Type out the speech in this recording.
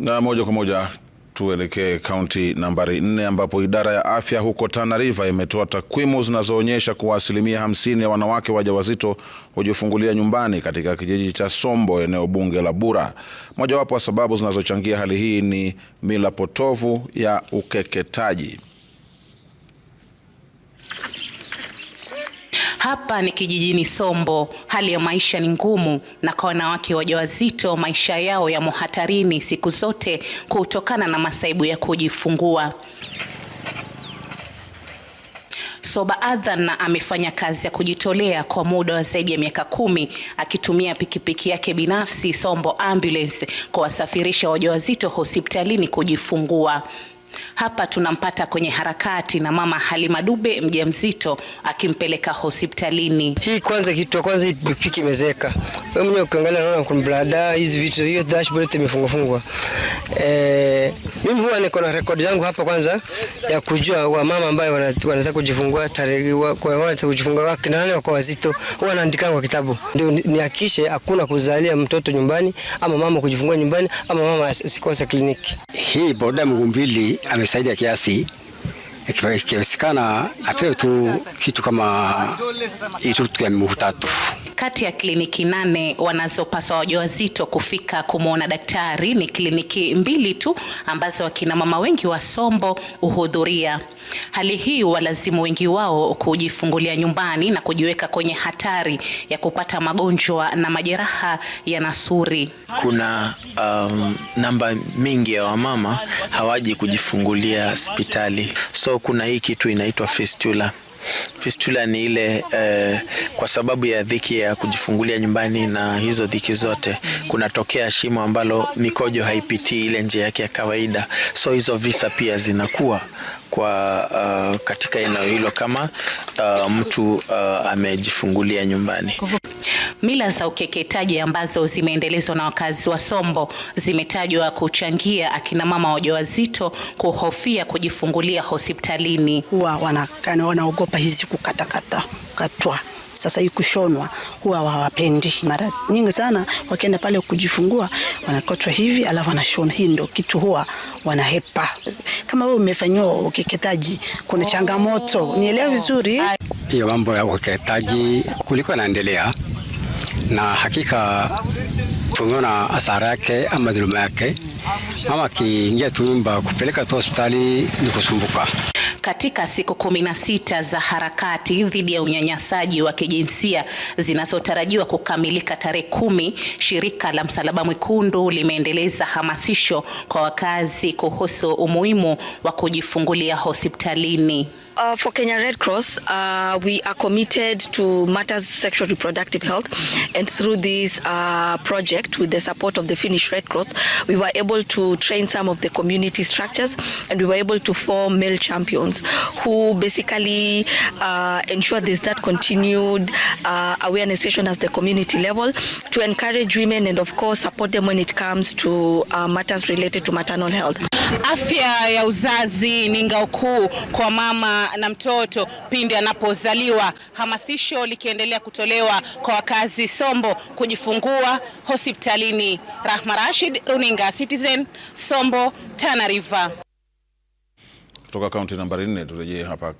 Na moja kwa moja tuelekee kaunti nambari nne ambapo idara ya afya huko Tana River imetoa takwimu zinazoonyesha kuwa asilimia hamsini ya wanawake wajawazito hujifungulia nyumbani katika kijiji cha Sombo, eneo bunge la Bura. Mojawapo wa sababu zinazochangia hali hii ni mila potovu ya ukeketaji. Hapa ni kijijini Sombo, hali ya maisha ni ngumu, na kwa wanawake wajawazito maisha yao yamo hatarini siku zote kutokana na masaibu ya kujifungua. Soba Adhan amefanya kazi ya kujitolea kwa muda wa zaidi ya miaka kumi akitumia pikipiki yake binafsi Sombo Ambulance kuwasafirisha wajawazito hospitalini kujifungua. Hapa tunampata kwenye harakati na mama Halima Dube mjamzito akimpeleka hospitalini. Hii kwanza, kitu kwanza, hii pikipiki imezeka. Wewe mwenyewe ukiangalia, unaona kuna blada hizi vitu, hiyo dashboard yote Eh, mimi huwa niko na rekodi yangu hapa kwanza ya kujua wa mama ambaye wanataka kujifungua tarehe, wa, kwa wanataka kujifungua wake na nani wako wazito, huwa naandika kwa kitabu ndio nihakishe hakuna kuzalia mtoto nyumbani ama mama kujifungua nyumbani ama mama asikose kliniki hii boda mguu mbili amesaidia kiasi, ikiwezekana apewe tu kitu kama itutu ya mguu tatu. Kati ya kliniki nane wanazopaswa wajawazito kufika kumwona daktari ni kliniki mbili tu ambazo wakina mama wengi wa Sombo huhudhuria. Hali hii walazimu wengi wao kujifungulia nyumbani na kujiweka kwenye hatari ya kupata magonjwa na majeraha ya nasuri. Kuna um, namba mingi ya wamama hawaji kujifungulia hospitali, so kuna hii kitu inaitwa fistula Fistula ni ile eh, kwa sababu ya dhiki ya kujifungulia nyumbani na hizo dhiki zote, kunatokea shimo ambalo mikojo haipitii ile njia yake ya kawaida, so hizo visa pia zinakuwa kwa uh, katika eneo hilo kama uh, mtu uh, amejifungulia nyumbani. Mila za ukeketaji ambazo zimeendelezwa na wakazi wa Sombo zimetajwa kuchangia akina mama wajawazito kuhofia kujifungulia hospitalini. Huwa wanaogopa hizi kukatakata katwa sasa hii kushonwa huwa hawapendi. Mara nyingi sana wakienda pale kujifungua wanakotwa hivi, alafu wanashona. Hii ndio kitu huwa wanahepa. Kama wewe umefanyiwa ukeketaji, kuna changamoto, nielewe vizuri. Hiyo mambo ya ukeketaji kulikuwa naendelea na hakika tumeona asara yake ama dhuluma yake. Mama akiingia tu nyumba kupeleka tu hospitali ni kusumbuka. Katika siku kumi na sita za harakati dhidi ya unyanyasaji wa kijinsia zinazotarajiwa kukamilika tarehe kumi, shirika la Msalaba Mwekundu limeendeleza hamasisho kwa wakazi kuhusu umuhimu wa kujifungulia hospitalini. Uh, for Kenya Red Cross, uh, we are committed to matters sexual reproductive health, and through this uh, project, with the support of the Finnish Red Cross, we were able to train some of the community structures, and we were able to form male champions who basically uh, ensure there's that continued uh, awareness session at the community level to encourage women and, of course, support them when it comes to uh, matters related to maternal health. Afya ya uzazi ni ngao kuu kwa mama na mtoto pindi anapozaliwa, hamasisho likiendelea kutolewa kwa wakazi Sombo kujifungua hospitalini. Rahma Rashid, Runinga Citizen, Sombo, Tana River. Kutoka kaunti nambari 4 turejee hapa